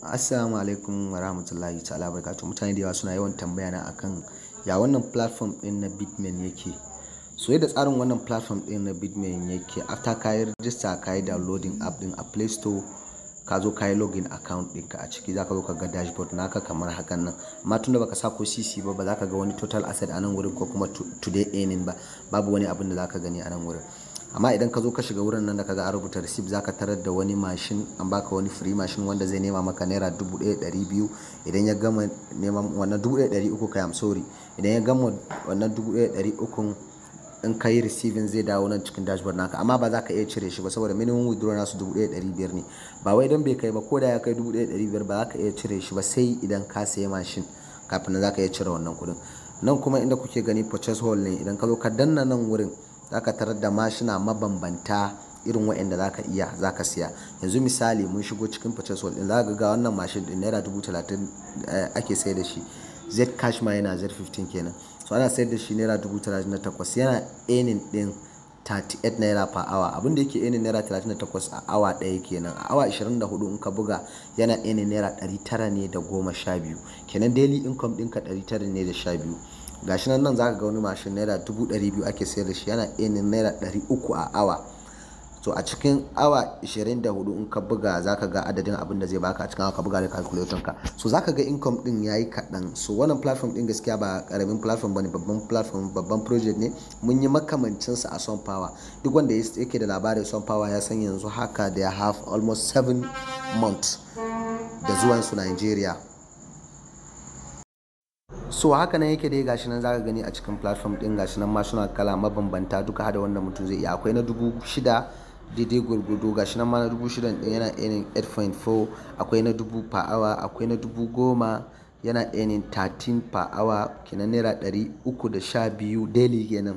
Assalamu alaikum wa rahmatullahi ta'ala barakatuh mutane da yawa suna yawan tambaya na akan ya wannan platform din na Bitmain yake so yadda tsarin wannan platform din na Bitmain yake after ka yi register ka yi downloading app din a Play Store ka zo ka yi login account ɗinka a ciki za ka zo ka ga dashboard naka kamar hakan nan amma tunda baka sa ko cc ba ba za ka ga wani total asset a nan wurin ko kuma today earning ba babu wani abin da za ka gani a nan wurin amma idan ka zo ka shiga wurin nan da kaga an rubuta receipt zaka tarar da wani mashin an baka wani free mashin wanda zai nema maka naira 1200 idan ya gama neman wannan 1300 kai am sorry idan ya gama wannan 1300 in ka yi receiving zai dawo nan cikin dashboard naka amma ba za ka iya cire shi ba saboda minimum withdrawal nasu 1500 ne ba wai don bai kai ba ko da ya kai 1500 ba za ka iya cire shi ba sai idan ka sayi mashin kafin za ka iya cire wannan kudin nan kuma inda kuke gani purchase hall ne idan ka zo ka danna nan wurin zaka tarar da mashina mabambanta irin waɗanda zaka iya zaka siya yanzu misali mun shigo cikin purchase wall za ga ga wannan mashin din naira dubu talatin eh, ake sayar da shi z cash ma yana z 15 kenan so ana sayar da shi naira dubu talatin takwas yana enin din 38 naira per hour abin da yake enin naira 38 a awa daya kenan a awa 24 in ka buga yana enin naira 900 ne da 12 kenan daily income ka 900 ne da 12 gashi nan nan zaka ga wani mashin naira dubu ɗari biyu ake sayar da shi yana enin naira ɗari uku a awa to a cikin awa 24 in ka buga zaka ga adadin abin da zai baka a cikin awa ka buga da calculator ka so zaka ga income din yayi kaɗan so wannan platform din gaskiya ba karamin platform bane babban platform babban project ne mun yi makamancin sa a son power duk wanda yake da labarin son power ya san yanzu haka da ya have almost 7 months da zuwan su Nigeria so haka nan yake dai gashi nan zaka gani a cikin platform din gashi nan ma suna kala mabambanta duka hada wanda mutum zai iya akwai na dubu shida daidai gwargwado gashi nan ma na dubu shida din yana earning 8.4 akwai na dubu per hour akwai na dubu goma yana earning 13 per hour kenan naira 312 daily kenan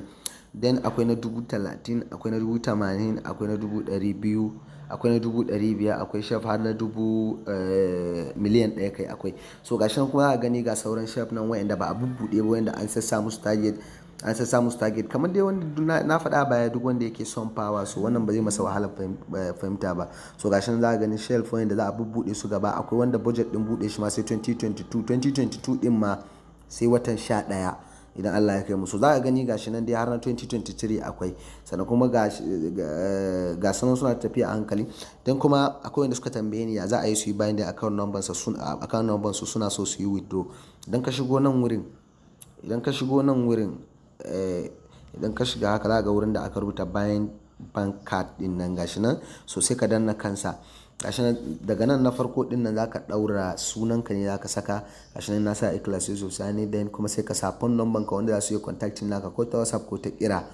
then akwai na dubu talatin akwai na dubu tamanin akwai na dubu ɗari biyu akwai na dubu ɗari biyar akwai shaf har na dubu eh, miliyan ɗaya kai akwai so ga shan kuma za gani ga sauran shaf nan wa'anda ba a bubbuɗe ba wa'anda an sassa musu target an sassa musu target kamar dai wanda na faɗa baya duk wanda yake son fawa so wannan ba zai masa wahala eh, fahimta ba so ga shan za a gani shelf wa'anda za a bubbuɗe su gaba akwai wanda budget din buɗe shi ma sai 2022 2022 din ma sai watan sha ɗaya idan Allah ya kai musu za a gani gashi nan dai har na 2023 akwai sannan kuma ga sanan suna tafiya a hankali don kuma akwai wanda suka tambaye ni ya za a yi su yi bayan da account number su suna so su yi withdraw don ka shigo nan wurin idan ka shigo nan wurin eh, idan ka shiga haka za ga wurin da aka rubuta bayan bank card din nan gashi nan so sai ka danna kansa gashi daga nan na farko din nan zaka daura sunanka ne zaka saka gashi nan na sa ikhlas yusuf sani then kuma sai ka sa phone number ka wanda za su yi contacting naka ko ta whatsapp ko ta kira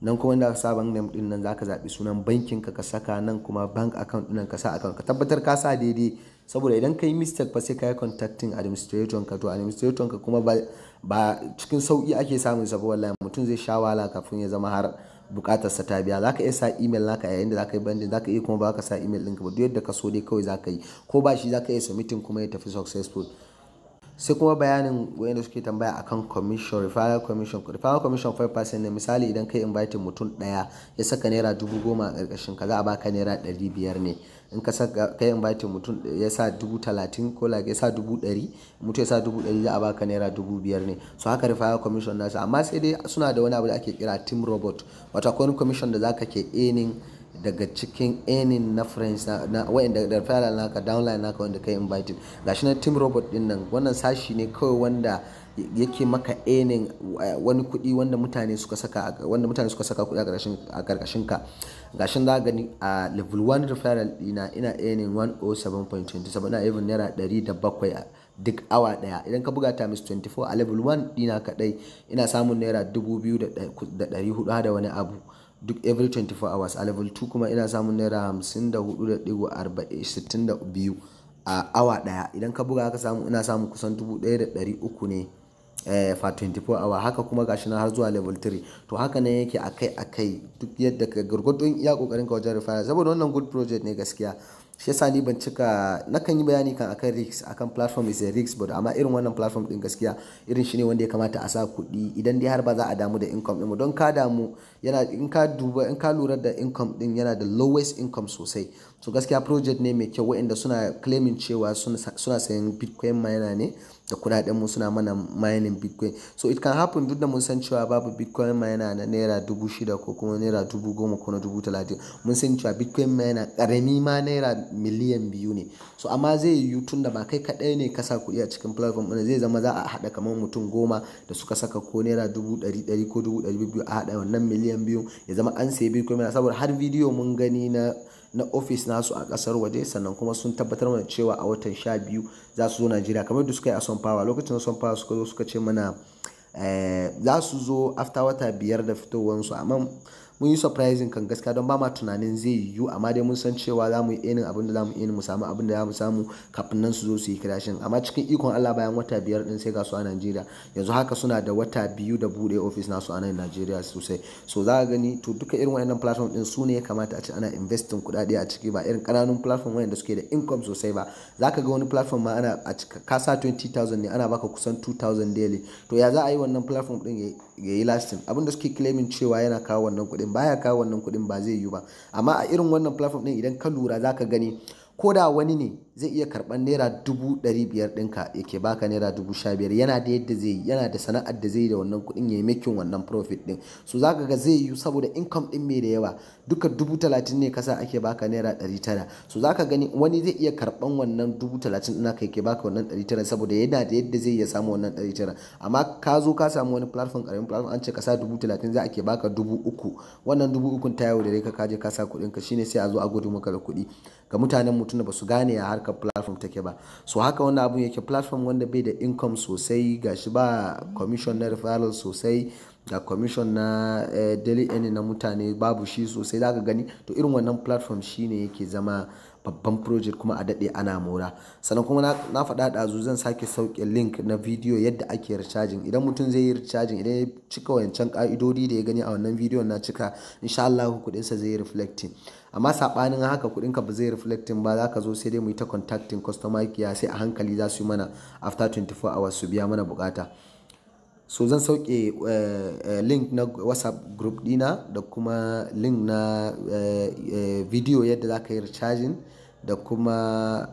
nan kuma wanda sa bank name din nan zaka zabi sunan bankin ka ka saka nan kuma bank account din ka sa account ka tabbatar ka sa daidai saboda idan ka yi mistake fa sai ka yi contacting administrator ka to administrator ka kuma ba cikin sauki ake samun sa wallahi mutum zai sha wahala kafin ya zama har bukatar sa ta biya zaka iya sa email naka yayin da zaka yi banding zaka iya kuma baka sa email ɗinka ba duk yadda ka so dai kawai zaka yi ko ba shi zaka iya submitting kuma ya tafi successful sai kuma bayanin wayanda suke tambaya akan commission referral commission referral commission 5% ne misali idan kai invite mutum daya ya saka naira dubu goma a karkashin ka za a baka naira ɗari biyar ne in ka saka kai invite mutum ya sa dubu talatin ko like ya sa dubu ɗari mutum ya sa dubu ɗari za a baka naira dubu biyar ne so haka referral commission nasu amma sai dai suna da wani abu da ake kira team robot wato akwai commission da zaka ke earning daga cikin enin na friends na wa'anda da fara naka downline naka wanda kai invited gashi na team robot din nan wannan sashi ne kawai wanda yake maka enin eh, wani kudi wanda mutane suka saka wanda mutane suka saka kudi a karkashin ka gashin da gani a level 1 referral dina ina enin 107.27 na even naira 107 a duk awa daya idan ka buga times 24 a level 1 dina kadai ina samun naira 2400 da wani abu duk every 24 hours a level 2 kuma ina samun naira 54.62 a awa daya idan ka buga haka samu ina samun kusan 1,300 ne eh, fa 24 hour haka kuma gashi na har zuwa level 3 to haka ne yake akai akai duk yadda ka gurgurdun ya kokarin ka wajen rufaya saboda wannan good project ne gaskiya shi yasa ni ban cika na kan yi bayani kan akan risk akan platform is a risk but amma irin wannan platform din gaskiya irin shi ne wanda ya kamata a sa kuɗi idan dai har ba za a damu da income din don ka damu yana in ka duba in ka lura da income din yana da lowest income sosai so gaskiya project ne mai kyau waɗanda suna claiming cewa suna sayan bitcoin miner ne da kudaden mu suna mana mining bitcoin so it can happen duk da mun san cewa babu bitcoin miner na naira dubu shida ko kuma naira dubu goma ko na dubu talatin mun san cewa bitcoin miner karami ma naira miliyan biyu ne so amma zai yiwu tun da ba kai kaɗai ne kasa sa kuɗi a cikin platform ɗin zai zama za a haɗa kamar mutum goma da suka saka ko naira dubu ɗari ɗari ko dubu ɗari biyu a haɗa wannan miliyan biyu ya zama an sayi bitcoin miner saboda har bidiyo mun gani na na ofis nasu a kasar waje sannan kuma sun tabbatar mana cewa a watan sha biyu za su zo najeriya kamar da suka yi a son power lokacin son power suka zo suka ce mana eh, za su zo afta wata biyar da fitowansu amma mun yi surprising kan gaskiya don ba ma tunanin zai yiwu amma dai mun san cewa za mu yi enin abin da za mu yi mu samu abin da za mu samu kafin nan su zo su yi kirashin amma cikin ikon Allah bayan wata biyar din sai ga su a Najeriya yanzu haka suna da wata biyu da bude office nasu a nan Najeriya sosai so za ka gani to duka irin waɗannan platform din su ne ya kamata a ce ana investing kuɗaɗe a ciki ba irin ƙananun platform waɗanda suke da income sosai ba za ka ga wani platform ma ana a cika kasa 20,000 ne ana baka kusan 2,000 daily to ya za a yi wannan platform din ya yi lasting abin da suke claiming cewa yana kawo wannan kuɗi kuɗin baya kawo wannan kuɗin ba zai yiwu ba amma a irin wannan platform ɗin idan ka lura za ka gani ko da wani ne zai iya karɓar naira dubu ɗari biyar ɗinka yake baka naira dubu sha biyar yana da yadda zai yi yana da sana'ar da zai yi da wannan kuɗin ya yi makin wannan profit ɗin so zaka ga zai yi saboda income ɗin mai da yawa duka dubu talatin ne kasa ake baka naira ɗari tara so zaka gani wani zai iya karban wannan dubu talatin ɗin aka yake baka wannan ɗari tara saboda yana da yadda zai iya samu wannan ɗari tara amma ka zo ka samu wani platform ƙaramin platform an ce kasa dubu talatin za a ke baka dubu uku wannan dubu ukun ta yau da ka kaje ka sa kuɗinka shine sai a zo a gudu maka da kuɗi ga mutanen mutum da ba su gane ya har haka platform take ba so haka wannan abun yake platform wanda bai da income sosai gashi ba commission na referral sosai ga commission na eh, daily earning na mutane babu shi sosai zaka gani to irin wannan platform shine yake zama babban project kuma a daɗe ana mora sannan kuma na faɗa zu zan sake sauke link na video yadda ake recharging idan mutum zai yi recharging idan ya cika wancan ka'idodi da ya gani a wannan video na cika insha Allah kuɗinsa zai yi reflecting amma saɓanin haka kuɗinka ba zai reflecting ba za ka zo sai dai mu yi ta contacting customer care sai a hankali za su yi mana after 24 hours su biya mana buƙata. so zan sauke eh, eh, link na whatsapp group dina da kuma link na eh, video yadda za ka yi recharging da kuma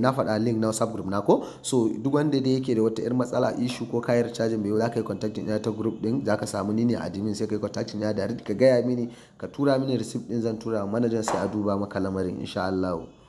na faɗa link na whatsapp group nako so duk wanda da yake da wata 'yar matsala issue ko kayan cajin bai za ka yi contacting ya ta group din za ka samu ni ne admin sai ka yi contacting ya direct ka gaya mini ka tura mini receipt din zan tura manajan sai a duba maka lamarin insha Allah